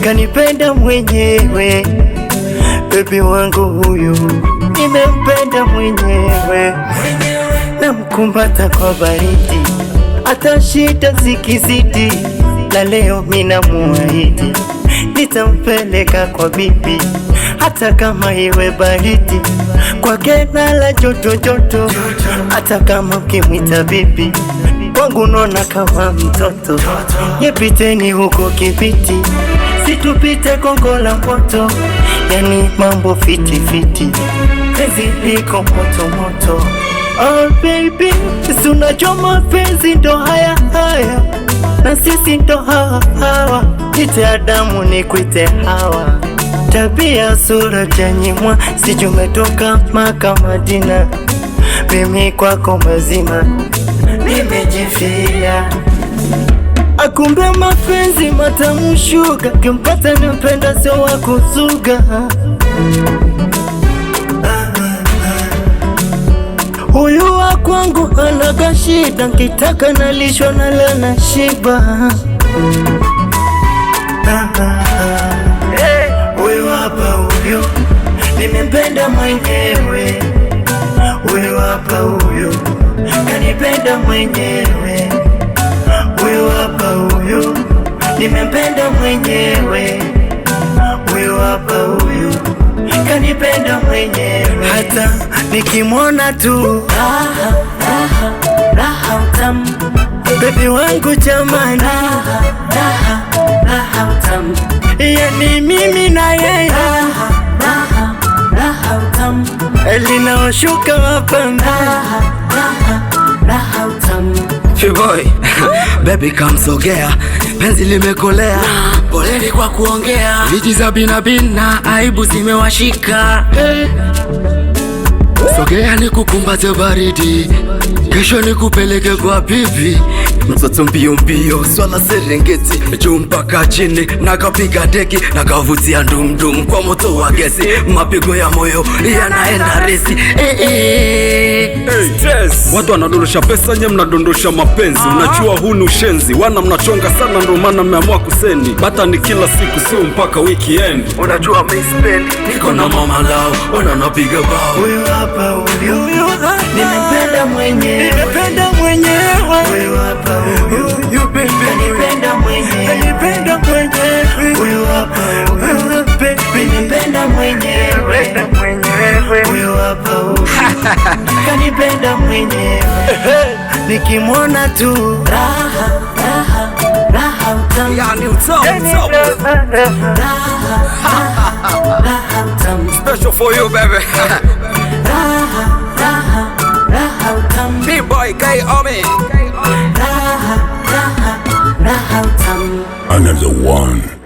kanipenda mwenyewe, bebi wangu huyu nimempenda mwenyewe, namkumbata kwa baridi, hata shida zikizidi, na leo mina muahidi nitampeleka kwa bibi, hata kama iwe baridi, kwake nala joto joto, hata kama ukimwita bibi kwangu nona kawa mtoto, yepiteni huko kipiti situpite gongo la moto yani mambo fitifiti, penzi liko motomoto. Oh baby, sunachoma penzi ndo haya haya, na sisi ndo hawa hawa, ite Adamu ni kwite Hawa, tabia sura janyimwa, sijumetoka Maka Madina, mimi kwako mazima nimejifia. Akumbe ah, mapenzi matamu shuga, kimpata ni mpenda sio wa kuzuga. Huyu wa kwangu anaga shida, nkitaka nalishwa na na shiba. Huyu hapa huyu nimempenda mwenyewe, huyu hapa huyu kanipenda mwenyewe, huyu hapa huyu, nimempenda mwenyewe, huyu hapa huyu, kanipenda mwenyewe, hata nikimwona tu raha raha raha utamu, bebi wangu jamani, raha raha raha utamu, yani mimi na yeye raha raha raha utamu, elinaoshuka hapa Shiboi baby kamsogea, penzi limekolea, poleni kwa kuongea, viti za binabina, aibu zimewashika hey. Sogea kukumbaze baridi, kesho kupeleke kwa bibi mtoto mbio mbio, swala Serengeti juu mpaka chini, nakapiga deki nakavutia ndumdum kwa moto wa gesi, mapigo ya moyo yanaenda resi. Eh, eh. Watu wanadondosha pesa, nye mnadondosha mapenzi. Ah. Unajua huu ni ushenzi, wana mnachonga sana, ndo maana mmeamua kuseni bata ni kila siku, sio mpaka weekend. Unajua mispendi niko na mama lao, wana napiga bao, huyu hapa huyu, nimempenda mwenyewe kanipenda mwenyewe nikimwona tu raha raha raha utamu yani utamu utamu yaani raha utamu special for you baby raha raha raha utamu big boy gay Omi raha raha raha utamu another one